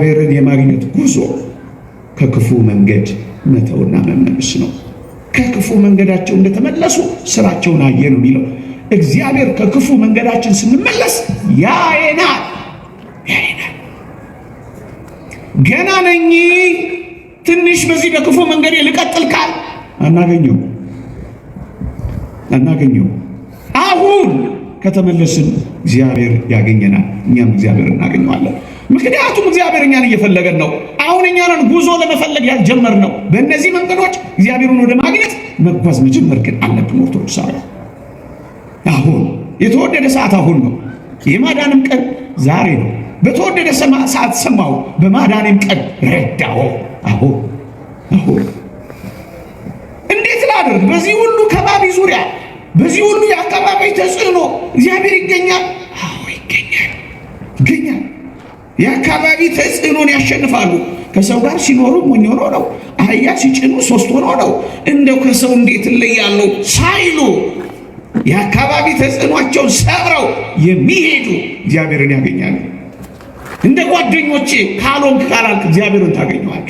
እግዚአብሔርን የማግኘት ጉዞ ከክፉ መንገድ መተውና መመለስ ነው። ከክፉ መንገዳቸው እንደተመለሱ ስራቸውን አየ ነው የሚለው። እግዚአብሔር ከክፉ መንገዳችን ስንመለስ ያየናል፣ ያየናል። ገና ነኝ ትንሽ በዚህ በክፉ መንገድ ልቀጥል ካል አናገኘው፣ አናገኘው። አሁን ከተመለስን እግዚአብሔር ያገኘናል፣ እኛም እግዚአብሔር እናገኘዋለን። ምክንያቱም እግዚአብሔር እኛን እየፈለገን ነው። አሁን እኛን ጉዞ ለመፈለግ ያልጀመር ነው። በእነዚህ መንገዶች እግዚአብሔርን ወደ ማግኘት መጓዝ መጀመር ግን አለብን። ኦርቶዶክሳውያን አሁን የተወደደ ሰዓት አሁን ነው። የማዳንም ቀን ዛሬ ነው። በተወደደ ሰዓት ሰማው በማዳንም ቀን ረዳው። አሁን አሁን እንዴት ላድርግ? በዚህ ሁሉ ከባቢ ዙሪያ፣ በዚህ ሁሉ የአካባቢ ተጽዕኖ እግዚአብሔር ይገኛል። አዎ ይገኛል፣ ይገኛል የአካባቢ ተጽዕኖን ያሸንፋሉ። ከሰው ጋር ሲኖሩ ሞኝ ሆኖ ነው፣ አህያ ሲጭኑ ሶስት ሆኖ ነው፣ እንደው ከሰው እንዴት እለያለሁ ሳይሉ የአካባቢ ተጽዕኗቸውን ሰብረው የሚሄዱ እግዚአብሔርን ያገኛሉ። እንደ ጓደኞቼ ካልሆንክ ካላልክ እግዚአብሔርን ታገኘዋል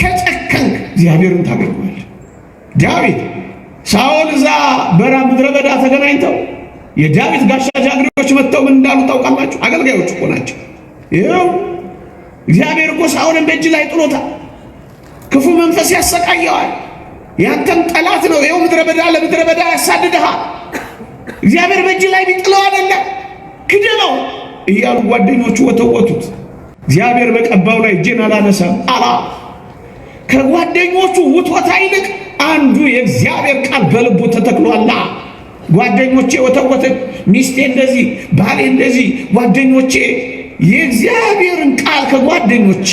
ከጨከንክ እግዚአብሔርን ታገኘዋል። ዳዊት ሳኦል እዛ በራ ምድረ በዳ ተገናኝተው የዳዊት ጋሻ ጃግሬዎች መጥተው ምን እንዳሉ ታውቃላችሁ? አገልጋዮች እኮ ናቸው። ይኸው እግዚአብሔር እኮ ሳኦልን በእጅ ላይ ጥሎታል። ክፉ መንፈስ ያሰቃየዋል። ያንተም ጠላት ነው። ይኸው ምድረ በዳ ለምድረ በዳ ያሳድድሃል። እግዚአብሔር በእጅ ላይ ቢጥለው አደለ ክደለው እያሉ ጓደኞቹ ወተወቱት። እግዚአብሔር በቀባው ላይ እጄን አላነሳም አላ ከጓደኞቹ ውትወታ ይልቅ አንዱ የእግዚአብሔር ቃል በልቡ ተተክሏላ። ጓደኞቼ ወተወተች፣ ሚስቴ እንደዚህ፣ ባሌ እንደዚህ። ጓደኞቼ የእግዚአብሔርን ቃል ከጓደኞቼ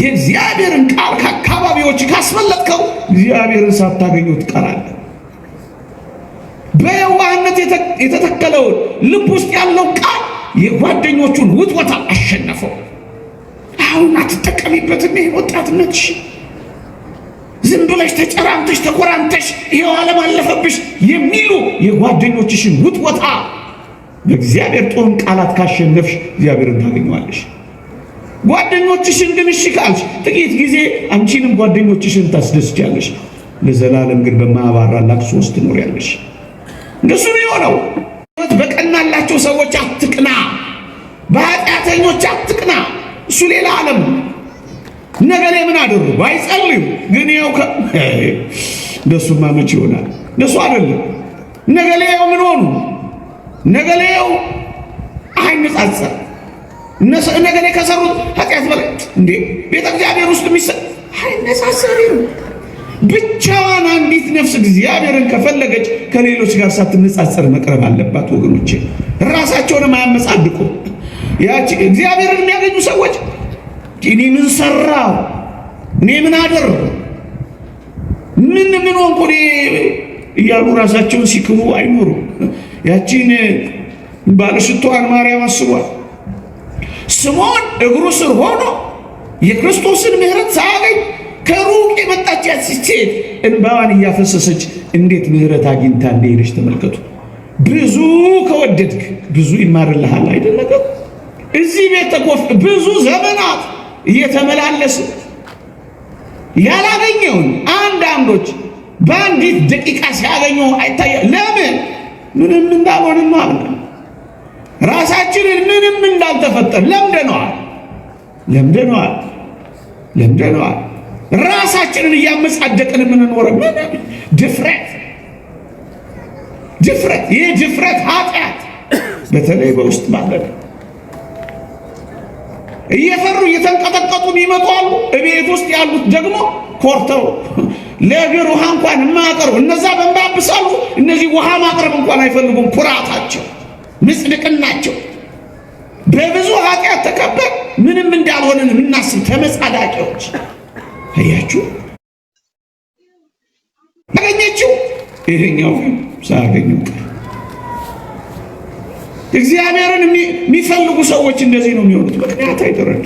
የእግዚአብሔርን ቃል ከአካባቢዎች ካስፈለጥከው እግዚአብሔርን ሳታገኘው ትቀራለህ። በየዋህነት የተተከለውን ልብ ውስጥ ያለው ቃል የጓደኞቹን ውጥወታ አሸነፈው። አሁን አትጠቀሚበትም ይህ ወጣትነት ዝም ብለሽ ተጨራምተሽ ተኮራምተሽ ይሄው ዓለም አለፈብሽ የሚሉ የጓደኞችሽን ውጥወታ በእግዚአብሔር ጦም ቃላት ካሸነፍሽ እግዚአብሔርን ታገኘዋለሽ። ጓደኞችሽን ግን እሺ ካልሽ ጥቂት ጊዜ አንቺንም ጓደኞችሽን ታስደስቻለሽ። ለዘላለም ግን በማያባራ ላቅሶ ውስጥ ትኖሪያለሽ። እንደሱ ነው የሆነው። በቀናላቸው ሰዎች አትቅና፣ በኃጢአተኞች አትቅና። እሱ ሌላ ዓለም ነገሬ ምን አደረጉ? አይጸልዩ ግን ይኸው እንደሱማ መች ይሆናል። እንደሱ አይደለም። ነገሌ ያው ምን ሆኑ? ነገሌ ይኸው አይነጻጸር ነገሌ ከሰሩት ኃጢአት በላይ እንዴ ቤተ እግዚአብሔር ውስጥ የሚሰ አይነጻጸር ብቻዋን አንዲት ነፍስ እግዚአብሔርን ከፈለገች ከሌሎች ጋር ሳትነጻጸር መቅረብ አለባት። ወገኖቼ ራሳቸውንም አያመጻድቁ። ያቺ እግዚአብሔርን የሚያገኙ ሰዎች እኔ ምን ሰራው? እኔ ምን አደር ምን ምን ሆንኩ እያሉ ራሳቸውን ሲክቡ አይኖሩ። ያቺን ባለሽቷን ማርያም አስቧል። ስምዖን እግሩ ስር ሆኖ የክርስቶስን ምሕረት ሳያገኝ ከሩቅ የመጣች ያቺች እንባዋን እያፈሰሰች እንዴት ምሕረት አግኝታ እንደሄደች ተመልከቱ። ብዙ ከወደድክ ብዙ ይማርልሃል አይደለም? እዚህ ቤት ተቆፍ ብዙ ዘመናት እየተመላለሱ ያላገኘውን አንዳንዶች በአንዲት ደቂቃ ሲያገኙ አይታየ። ለምን ምንም እንዳልሆንማ ራሳችንን ምንም እንዳልተፈጠር ለምደነዋል፣ ለምደነዋል፣ ለምደነዋል። ራሳችንን እያመጻደቅን የምንኖረው ምንም ድፍረት ድፍረት ይህ ድፍረት ኃጢአት በተለይ በውስጥ ማለት ነው። እየፈሩ እየተንቀጠቀጡ የሚመጡ አሉ። እቤት ውስጥ ያሉት ደግሞ ኮርተው ለእግር ውሃ እንኳን የማያቀርቡ እነዛ በንባብሳሉ። እነዚህ ውሃ ማቅረብ እንኳን አይፈልጉም። ኩራታቸው፣ ምጽድቅናቸው በብዙ ኃጢአት ተከበር ምንም እንዳልሆነን የምናስብ ተመጻዳቂዎች። አያችሁ አገኘችው ይሄኛው ሳያገኘው እግዚአብሔርን የሚፈልጉ ሰዎች እንደዚህ ነው የሚሆኑት። ምክንያት አይደረዱ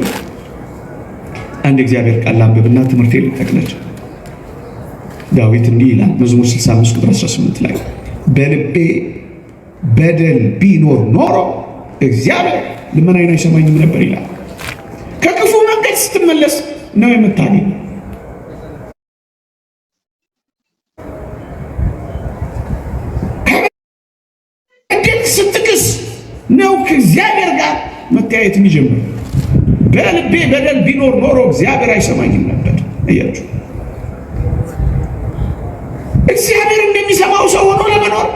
አንድ እግዚአብሔር ቃል ላንብብና ትምህርት ልጠቅላቸው። ዳዊት እንዲህ ይላል መዝሙር 65 ቁጥር 18 ላይ በልቤ በደል ቢኖር ኖሮ እግዚአብሔር ልመናዬን አይሰማኝም ነበር ይላል። ከክፉ መንገድ ስትመለስ ነው የምታገኝ። ስት ከእግዚአብሔር ጋር መተያየት የሚጀምር በልቤ በደል ቢኖር ኖሮ እግዚአብሔር አይሰማኝም ነበር። እያችሁ እግዚአብሔር እንደሚሰማው ሰው ሆኖ ለመኖር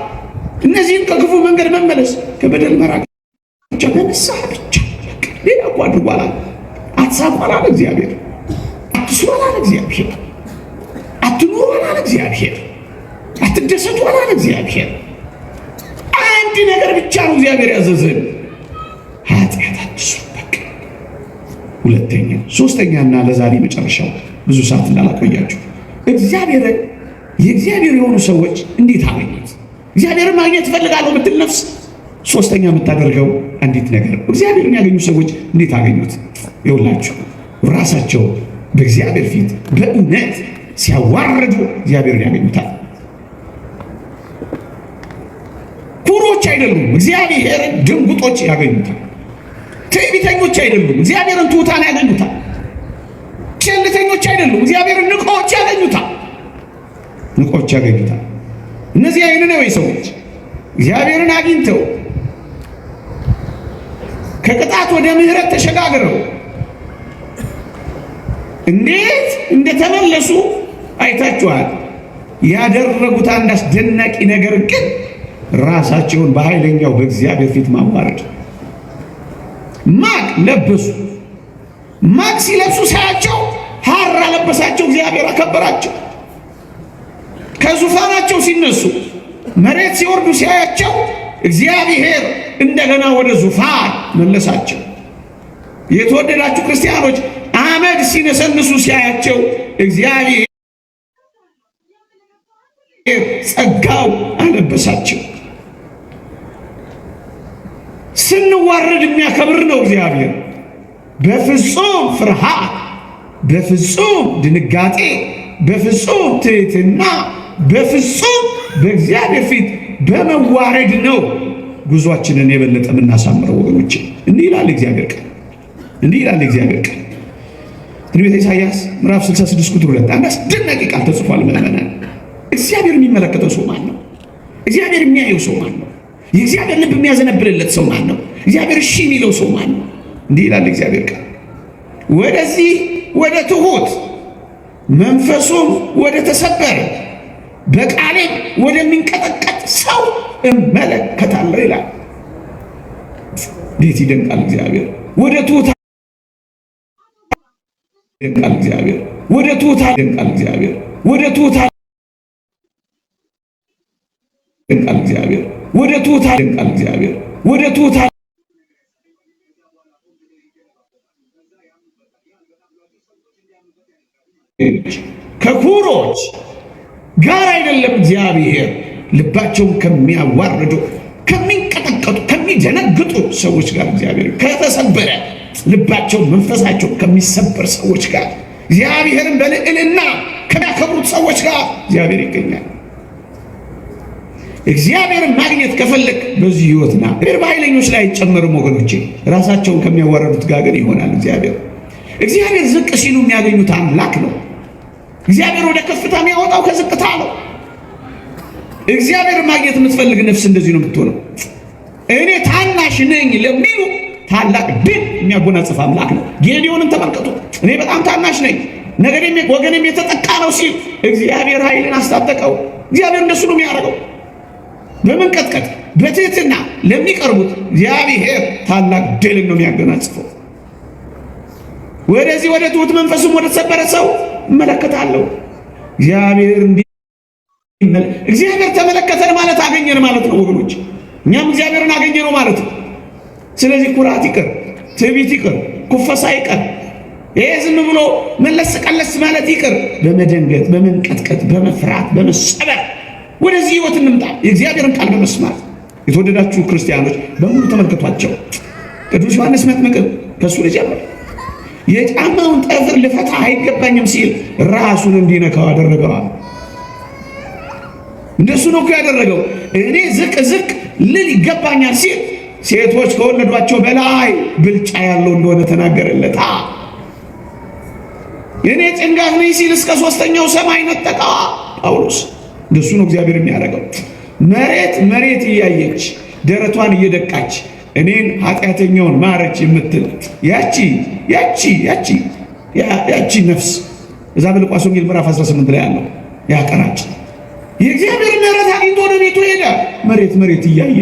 እነዚህን ከክፉ መንገድ መመለስ ከበደል መራቅ ብቻ በንስሐ ብቻ ሌላ እኮ አድርጓላል። አትሳቋላል እግዚአብሔር አትስሯላል እግዚአብሔር አትኑሯላል እግዚአብሔር አትደሰቷላል እግዚአብሔር አንድ ነገር ብቻ ነው እግዚአብሔር ያዘዝን ሁለተኛ ሶስተኛና ለዛሬ መጨረሻው ብዙ ሰዓት እንዳላቆያችሁ እግዚአብሔር የእግዚአብሔር የሆኑ ሰዎች እንዴት አገኙት? እግዚአብሔርን ማግኘት እፈልጋለሁ የምትል ነፍስ ሶስተኛ የምታደርገው አንዲት ነገር እግዚአብሔር የሚያገኙ ሰዎች እንዴት አገኙት? ይውላችሁ ራሳቸው በእግዚአብሔር ፊት በእውነት ሲያዋረዱ እግዚአብሔርን ያገኙታል። ኩሮች አይደሉም፣ እግዚአብሔርን ድንጉጦች ያገኙታል። ትዕቢተኞች አይደሉም፣ እግዚአብሔርን ትሑታን ያገኙታል። ቸልተኞች አይደሉም፣ እግዚአብሔርን ንቆዎች ያገኙታል። ንቆዎች ያገኙታል። እነዚህ አይነነዌ ሰዎች እግዚአብሔርን አግኝተው ከቅጣት ወደ ምሕረት ተሸጋግረው እንዴት እንደተመለሱ አይታችኋል። ያደረጉት አንድ አስደናቂ ነገር ግን ራሳቸውን በኃይለኛው በእግዚአብሔር ፊት ማዋረድ ለበሱ። ማቅ ሲለብሱ ሳያቸው ሐር አለበሳቸው፣ እግዚአብሔር አከበራቸው። ከዙፋናቸው ሲነሱ መሬት ሲወርዱ ሲያያቸው እግዚአብሔር እንደገና ወደ ዙፋን መለሳቸው። የተወደዳችሁ ክርስቲያኖች አመድ ሲነሰንሱ ሲያያቸው እግዚአብሔር ጸጋው አለበሳቸው። ስንዋረድ የሚያከብር ነው እግዚአብሔር። በፍጹም ፍርሃት፣ በፍጹም ድንጋጤ፣ በፍጹም ትሕትና፣ በፍጹም በእግዚአብሔር ፊት በመዋረድ ነው ጉዟችንን የበለጠ የምናሳምረው ወገኖች። እንዲህ ይላል እግዚአብሔር ቃል፣ እንዲህ ይላል እግዚአብሔር ቃል ትንቢተ ኢሳይያስ ምዕራፍ 66 ቁጥር 2 አንድ አስደናቂ ቃል ተጽፏል። ምዕመናን፣ እግዚአብሔር የሚመለከተው ሰው ማን ነው? እግዚአብሔር የሚያየው ሰው ማን ነው? የእግዚአብሔር ልብ የሚያዘነብልለት ሰው ማን ነው? እግዚአብሔር እሺ የሚለው ሰው ማን ነው? እንዲህ ይላል እግዚአብሔር ቃል ወደዚህ ወደ ትሁት መንፈሱም ወደ ተሰበረ በቃሌም ወደሚንቀጠቀጥ ሰው እመለከታለሁ ይላል። እንዴት ይደንቃል እግዚአብሔር! ወደ ትሁት ይደንቃል እግዚአብሔር! ወደ ትሁት ይደንቃል እግዚአብሔር! ወደ ትሁት ደንቃል እግዚአብሔር ወደ ትሑታ ደንቃል እግዚአብሔር ወደ ትሑታ ከኩሮች ጋር አይደለም እግዚአብሔር ልባቸውን ከሚያዋርዱ ከሚንቀጠቀጡ ከሚደነግጡ ሰዎች ጋር እግዚአብሔር ከተሰበረ ልባቸው መንፈሳቸው ከሚሰበር ሰዎች ጋር እግዚአብሔርን በልዕልና ከሚያከብሩት ሰዎች ጋር እግዚአብሔር ይገኛል። እግዚአብሔርን ማግኘት ከፈለግ በዚህ ና። እግዚአብሔር በኃይለኞች ላይ አይጨመርም ወገኖቼ። ራሳቸውን ከሚያዋረዱት ጋር ግን ይሆናል። እግዚአብሔር እግዚአብሔር ዝቅ ሲሉ የሚያገኙት አምላክ ነው። እግዚአብሔር ወደ ከፍታ የሚያወጣው ከዝቅታ ነው። እግዚአብሔር ማግኘት የምትፈልግ ነፍስ እንደዚህ ነው የምትሆነው። እኔ ታናሽ ነኝ ለሚሉ ታላቅ ድል የሚያጎናጽፍ አምላክ ነው። ጌዲዮንን ተመልከቱ። እኔ በጣም ታናሽ ነኝ ነገ ወገንም የተጠቃ ነው ሲል እግዚአብሔር ኃይልን አስታጠቀው። እግዚአብሔር እንደሱ ነው የሚያደርገው። በመንቀጥቀጥ በትህትና ለሚቀርቡት እግዚአብሔር ታላቅ ድልን ነው የሚያገናጽፈው። ወደዚህ ወደ ትሁት መንፈሱም ወደ ተሰበረ ሰው እመለከታለሁ። እግዚአብሔር እንዲህ እግዚአብሔር ተመለከተን ማለት አገኘን ማለት ነው ወገኖች፣ እኛም እግዚአብሔርን አገኘ ነው ማለት ነው። ስለዚህ ኩራት ይቅር፣ ትዕቢት ይቅር፣ ኩፈሳ ይቅር። ይሄ ዝም ብሎ መለስ ቀለስ ማለት ይቅር። በመደንገጥ በመንቀጥቀጥ በመፍራት በመሰበር ወደዚህ ህይወት እንምጣ። የእግዚአብሔርን ቃል በመስማት የተወደዳችሁ ክርስቲያኖች በሙሉ ተመልከቷቸው። ቅዱስ ዮሐንስ መጥምቅ ከእሱ ያለ የጫማውን ጠፍር ልፈታ አይገባኝም ሲል ራሱን እንዲነካው አደረገዋል። እንደሱ ነው እኮ ያደረገው። እኔ ዝቅ ዝቅ ልል ይገባኛል ሲል ሴቶች ከወለዷቸው በላይ ብልጫ ያለው እንደሆነ ተናገረለት። እኔ ጭንጋፍ ነኝ ሲል እስከ ሶስተኛው ሰማይ ነጠቃ ጳውሎስ እንደሱ ነው እግዚአብሔር የሚያደርገው። መሬት መሬት እያየች ደረቷን እየደቃች እኔን ኃጢአተኛውን ማረች የምትል ያቺ ያቺ ያቺ ያቺ ነፍስ እዛ በሉቃስ ወንጌል ምዕራፍ 18 ላይ ያለው ያቀራጭ የእግዚአብሔር ምሕረት አግኝቶ ወደ ቤቱ ሄደ። መሬት መሬት እያየ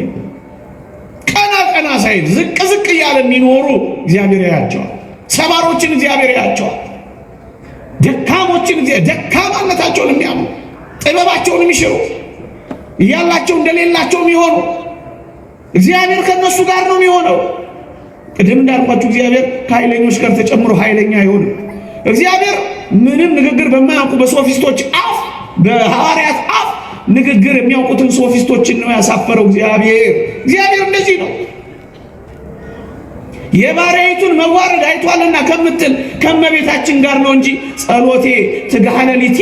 ቀና ቀና ሳይል ዝቅ ዝቅ እያለ የሚኖሩ እግዚአብሔር ያያቸዋል። ሰባሮችን እግዚአብሔር ያያቸዋል። ደካሞችን ደካማነታቸውን የሚያምኑ ጥበባቸውን የሚሽሩ እያላቸው እንደሌላቸው የሚሆኑ እግዚአብሔር ከነሱ ጋር ነው የሚሆነው። ቅድም እንዳልኳችሁ እግዚአብሔር ከኃይለኞች ጋር ተጨምሮ ኃይለኛ አይሆንም። እግዚአብሔር ምንም ንግግር በማያውቁ በሶፊስቶች አፍ፣ በሐዋርያት አፍ ንግግር የሚያውቁትን ሶፊስቶችን ነው ያሳፈረው እግዚአብሔር። እግዚአብሔር እንደዚህ ነው። የባሪያይቱን መዋረድ አይቷልና ከምትል ከመቤታችን ጋር ነው እንጂ ጸሎቴ ትጋሃለሊቴ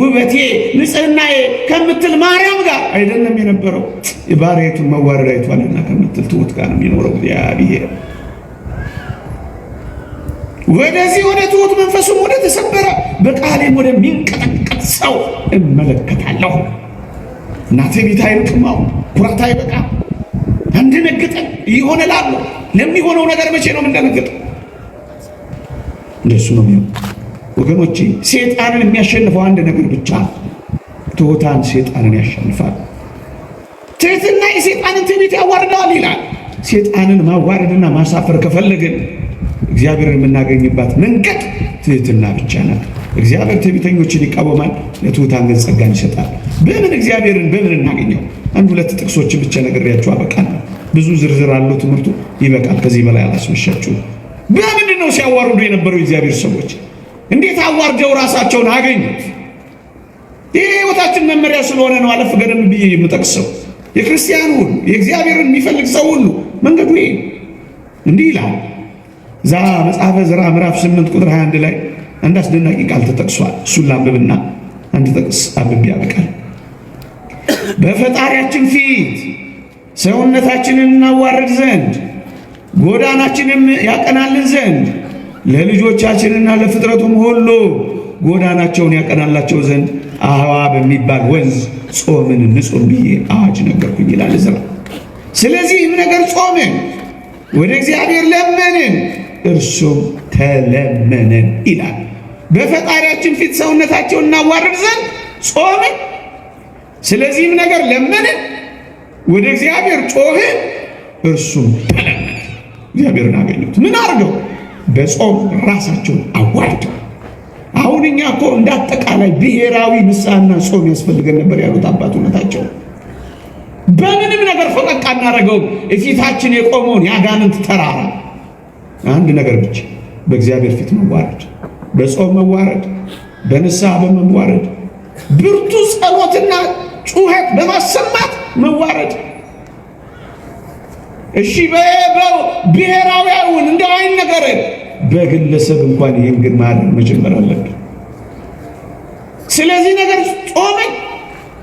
ውበቴ ንጽህናዬ ከምትል ማርያም ጋር አይደለም የነበረው። የባሪያይቱን መዋረድ አይቷልና ከምትል ትሁት ጋር ነው የሚኖረው እግዚአብሔር። ወደዚህ ወደ ትሁት መንፈሱም ወደ ተሰበረ በቃሌም ወደሚንቀጠቀጥ ሰው እመለከታለሁ። እናቴ ቤት አይርቅም። አሁን ኩራት አይበቃም። አንደነግጠን እየሆነ ላሉ ለሚሆነው ነገር መቼ ነው የምንደነግጠው? እንደሱ ነው የሚሆነው ሴጣንን የሚያሸንፈው አንድ ነገር ብቻ ነው። ትሑታን ሴጣንን ያሸንፋል። ትህትና የሴጣንን ትዕቢት ያዋርደዋል ይላል። ሴጣንን ማዋረድና ማሳፈር ከፈለግን እግዚአብሔርን የምናገኝባት መንገድ ትህትና ብቻ ናት። እግዚአብሔር ትዕቢተኞችን ይቃወማል፣ ለትሑታን ግን ጸጋን ይሰጣል። በምን እግዚአብሔርን በምን እናገኘው? አንድ ሁለት ጥቅሶችን ብቻ ነግሬያችሁ አበቃ ነው። ብዙ ዝርዝር አለው ትምህርቱ ይበቃል። ከዚህ በላይ አላስመሻችሁ። በምንድን ነው ሲያዋርዱ የነበረው የእግዚአብሔር ሰዎች? እንዴት አዋርደው ራሳቸውን አገኙት? ይህ ህይወታችን መመሪያ ስለሆነ ነው አለፍ ገደም ብዬ የምጠቅሰው። የክርስቲያን ሁሉ የእግዚአብሔርን የሚፈልግ ሰው ሁሉ መንገዱ ይሄ እንዲህ ይላል። ዛ መጽሐፈ ዘራ ምዕራፍ 8 ቁጥር 21 ላይ አንድ አስደናቂ ቃል ተጠቅሷል። እሱን ላንብብና አንድ ጥቅስ አንብቤ ያበቃል። በፈጣሪያችን ፊት ሰውነታችንን እናዋርድ ዘንድ ጎዳናችንም ያቀናልን ዘንድ ለልጆቻችንና ለፍጥረቱም ሁሉ ጎዳናቸውን ያቀናላቸው ዘንድ አህዋ በሚባል ወንዝ ጾምን ንጹህ ብዬ አዋጅ ነገርኩኝ ይላል ዕዝራ። ስለዚህም ነገር ጾምን፣ ወደ እግዚአብሔር ለመንን፣ እርሱም ተለመነን ይላል። በፈጣሪያችን ፊት ሰውነታቸውን እናዋርድ ዘንድ ጾምን፣ ስለዚህም ነገር ለመንን ወደ እግዚአብሔር ጮኸ፣ እርሱም ተለመደ። እግዚአብሔርን አገኙት። ምን አድርገው? በጾም ራሳቸውን አዋርደው። አሁን እኛ እኮ እንደ አጠቃላይ ብሔራዊ ንስሐና ጾም ያስፈልገን ነበር ያሉት አባትነታቸው በምንም ነገር ፈቀቅ አናደርገውም። እፊታችን የቆመውን የአጋንንት ተራራ አንድ ነገር ብቻ በእግዚአብሔር ፊት መዋረድ፣ በጾም መዋረድ፣ በንስሐ በመዋረድ ብርቱ ጸሎትና ጩኸት በማሰማት መዋረድ እሺ ብሔራዊያውን እንደ አይን ነገር በግለሰብ እንኳን ይህን ግን ማድረግ መጀመር አለብን። ስለዚህ ነገር ጾመን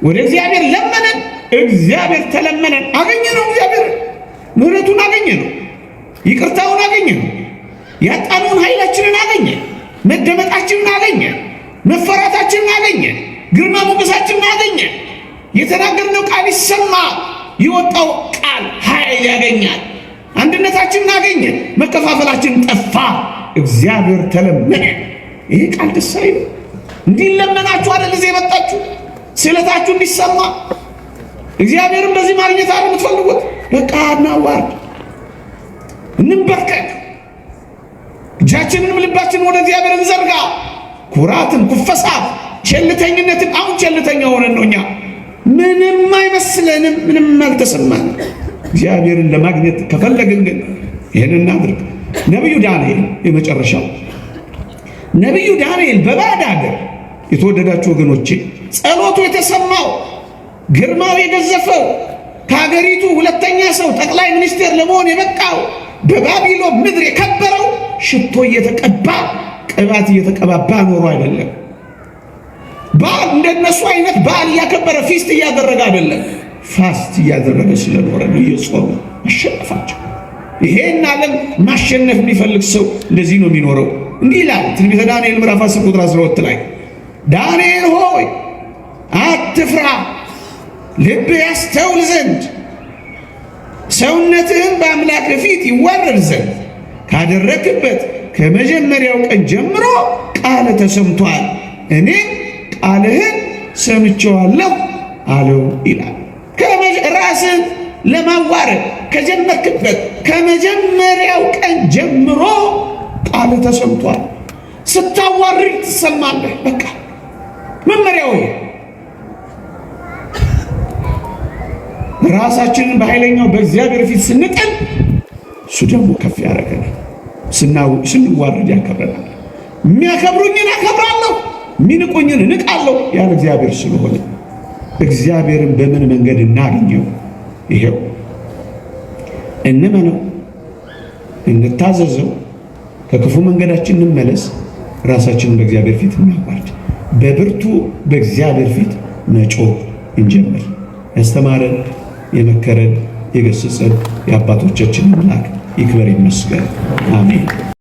ወደ እግዚአብሔር ለመነን፣ እግዚአብሔር ተለመነን፣ አገኘ ነው። እግዚአብሔር ምሕረቱን አገኘ ነው፣ ይቅርታውን አገኘ ነው፣ ያጣነውን ኃይላችንን አገኘ፣ መደመጣችንን አገኘ፣ መፈራታችንን አገኘ፣ ግርማ ሞገሳችንን አገኘ። የተናገርነው ቃል ይሰማል። የወጣው ቃል ኃይል ያገኛል። አንድነታችንን አገኘን፣ መከፋፈላችን ጠፋ። እግዚአብሔር ተለመነ። ይሄ ቃል ደስ አይልም? እንዲለመናችሁ አይደል እዚህ የመጣችሁ ስዕለታችሁ እንዲሰማ እግዚአብሔርን በዚህ ማግኘት አይደል የምትፈልጉት? በቃ እናዋርድ፣ እንንበርከክ፣ እጃችንንም ልባችንን ወደ እግዚአብሔር እንዘርጋ። ኩራትን፣ ኩፈሳት፣ ቸልተኝነትን አሁን ቸልተኛ ሆነን ነው እኛ ምንም አይመስለንም፣ ምንም አልተሰማንም። እግዚአብሔርን ለማግኘት ከፈለግን ግን ይህን እናድርግ። ነቢዩ ዳንኤል የመጨረሻው ነቢዩ ዳንኤል በባዕድ አገር የተወደዳችሁ ወገኖቼ ጸሎቱ የተሰማው ግርማው የገዘፈው ከሀገሪቱ ሁለተኛ ሰው ጠቅላይ ሚኒስቴር ለመሆን የበቃው በባቢሎን ምድር የከበረው ሽቶ እየተቀባ ቅባት እየተቀባባ ኖሮ አይደለም። በዓል እንደነሱ አይነት በዓል እያከበረ ፊስት እያደረገ አይደለም። ፋስት እያደረገ ስለኖረ ነው እየጾመ አሸነፋቸው። ይሄን ዓለም ማሸነፍ የሚፈልግ ሰው እንደዚህ ነው የሚኖረው። እንዲህ ይላል ትንቢተ ዳንኤል ምዕራፍ 10 ቁጥር 12 ላይ ዳንኤል ሆይ አትፍራ፣ ልብ ያስተውል ዘንድ ሰውነትህም በአምላክ ፊት ይዋረድ ዘንድ ካደረክበት ከመጀመሪያው ቀን ጀምሮ ቃል ተሰምቷል እኔ ቃልህን ሰምቼዋለሁ አለው ይላል። ራስን ለማዋረድ ከጀመርክበት ከመጀመሪያው ቀን ጀምሮ ቃል ተሰምቷል። ስታዋርድ ትሰማለህ። በቃ መመሪያው ራሳችንን በኃይለኛው በእግዚአብሔር ፊት ስንጠል እሱ ደግሞ ከፍ ያደረገናል። ስንዋረድ ያከብረናል። የሚያከብሩኝን አከብራለሁ ሚንቁኝን አለው ያለ እግዚአብሔር ስለሆነ እግዚአብሔርን በምን መንገድ እናገኘው? ይሄው እንመነው፣ እንታዘዘው፣ ከክፉ መንገዳችን እንመለስ፣ ራሳችንን በእግዚአብሔር ፊት እናቋርድ፣ በብርቱ በእግዚአብሔር ፊት መጮ እንጀምር። ያስተማረን የመከረን የገሰጸን የአባቶቻችን አምላክ ይክበር ይመስገን። አሜን።